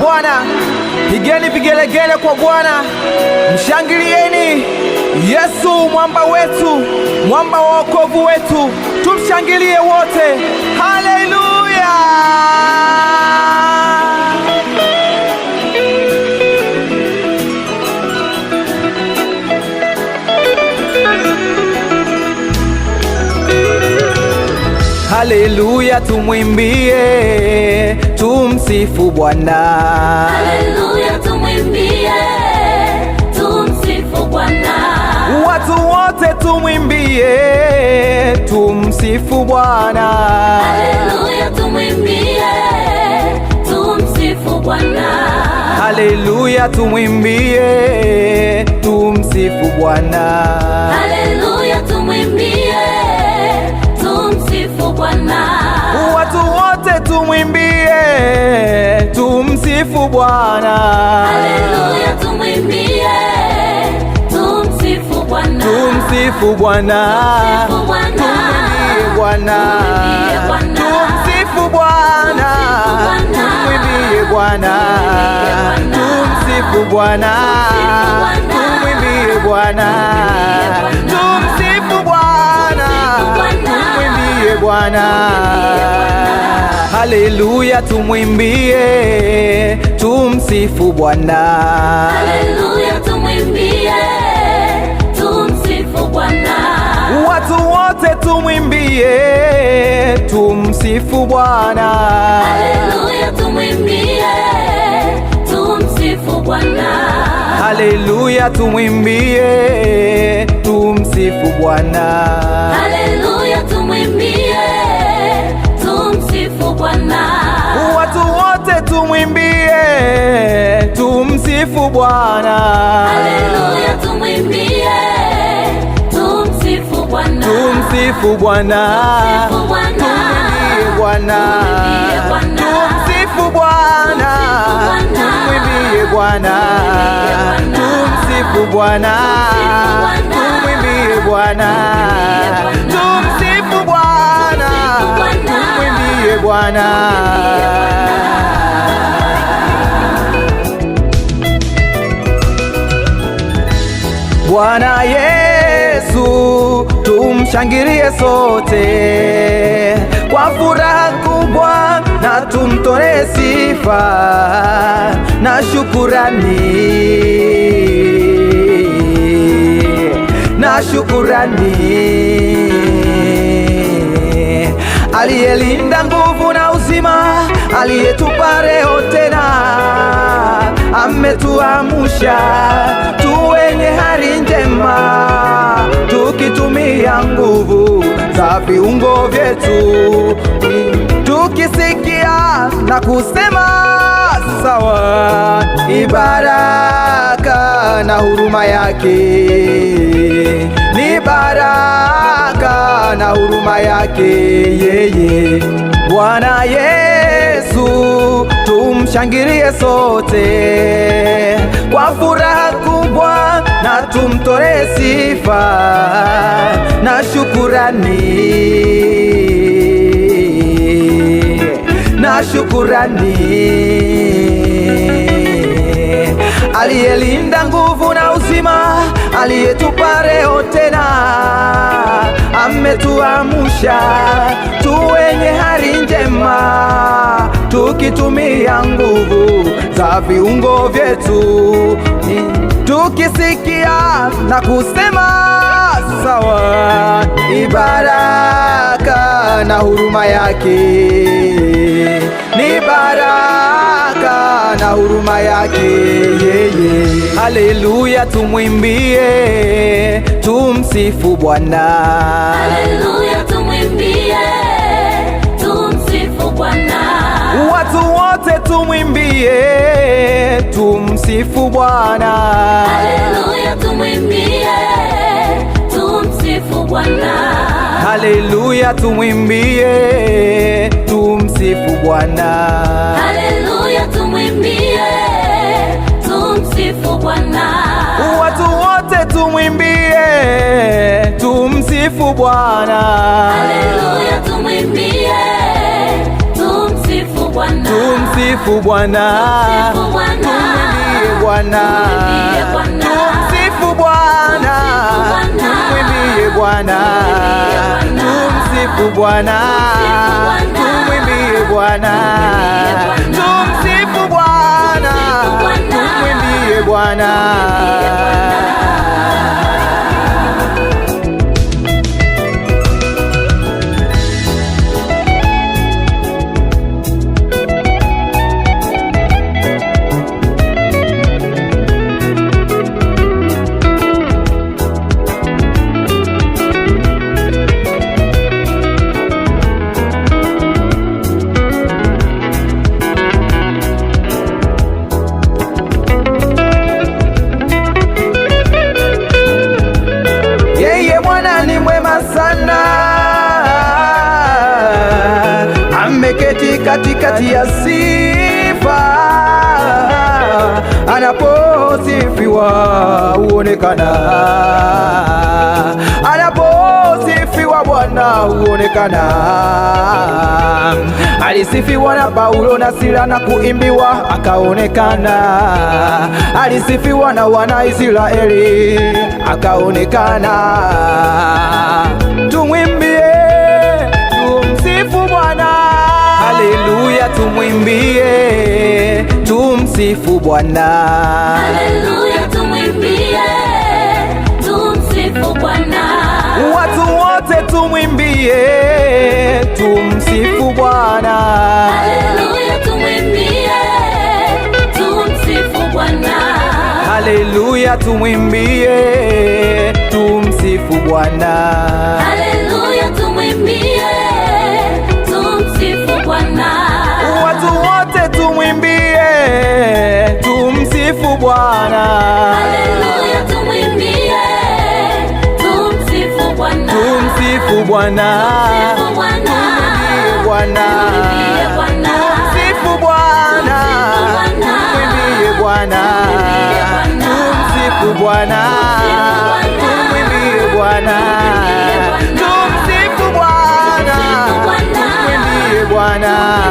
Bwana, pigeni vigelegele kwa Bwana, mshangilieni Yesu mwamba wetu, mwamba wa wokovu wetu, tumshangilie wote. Haleluya! Haleluya, tumwimbie tumsifu Bwana. Haleluya, tumwimbie, tumsifu Bwana. Watu wote tumwimbie, tumsifu Bwana. Haleluya, tumwimbie, tumsifu Bwana. Haleluya, tumwimbie, tumsifu Bwana. Haleluya, tumwimbie, tumsifu Bwana tumsifu Bwana, haleluya, tumwimbie, tumsifu Bwana, tumsifu Bwana, tumwimbie Bwana, tumsifu Bwana, tumwimbie Bwana, tumsifu Bwana, tumwimbie Bwana, tumsifu Bwana, tumwimbie Bwana Haleluya, tumwimbie, tumsifu Bwana. Haleluya, tumwimbie, tumsifu Bwana. Watu wote tumwimbie, tumsifu Bwana. Haleluya, tumwimbie, tumsifu Bwana. Haleluya, tumwimbie, tumsifu Bwana. Haleluya. tumwimbie, tumsifu Bwana. Haleluya, tumwimbie, tumsifu Bwana. Tumsifu Bwana. Tumwimbie Bwana. Tumsifu Bwana. Tumwimbie Bwana. Tumsifu Bwana. Tumwimbie Bwana. Tumsifu Bwana. Tumwimbie Bwana. Bwana Yesu tumshangilie sote kwa furaha kubwa, na tumtore sifa na shukurani na shukurani, aliyelinda nguvu na uzima, aliyetupa leo tena ametuamusha tuwe ni hali njema, tukitumia nguvu za viungo vyetu, tukisikia na kusema sawa, ibaraka na huruma yake ni baraka na huruma yake yeye Bwana Yesu, tumshangilie sote tumtore sifa na shukurani na shukurani, aliyelinda nguvu na uzima, aliyetupa leo tena, ametuamsha tuwenye hali njema, tukitumia nguvu za viungo vyetu tukisikia na kusema sawa, ibaraka na huruma yake, ni baraka na huruma yake yeye. Haleluya, tumwimbie, tumsifu Bwana. Haleluya, tumwimbie, tumsifu Bwana, watu wote tumwimbie Tumsifu Bwana, haleluya, tumwimbie, tumsifu Bwana, haleluya, tumwimbie, tumsifu Bwana, haleluya, tumwimbie, tumsifu Bwana, watu wote tumwimbie, tumsifu Bwana, haleluya, tumwimbie Tumsifu Bwana, tumsifu Bwana, tumsifu Bwana. Bwana, tumsifu Bwana, tumwimbie Bwana, tumsifu Bwana, tumwimbie Bwana, tumsifu Bwana, tumwimbie Bwana kati kati kati ya sifa anaposifiwa huonekana, anaposifiwa Bwana huonekana. Alisifiwa na Paulo na Sila na kuimbiwa akaonekana, alisifiwa na wana Israeli akaonekana. Tumwimbi tumwimbie, tumsifu Bwana. Haleluya, tumwimbie, tumsifu Bwana. Watu wote tumwimbie, tumsifu Bwana. Haleluya, tumwimbie, tumsifu Bwana. Haleluya, tumwimbie, tumsifu Bwana. Haleluya. Bwana. Haleluya, tumwimbie, tumsifu Bwana. Tumsifu Bwana. Tumwimbie Bwana. Tumsifu Bwana. Tumwimbie Bwana. Tumsifu Bwana. Tumwimbie Bwana. Tumsifu Bwana. Tumwimbie Bwana.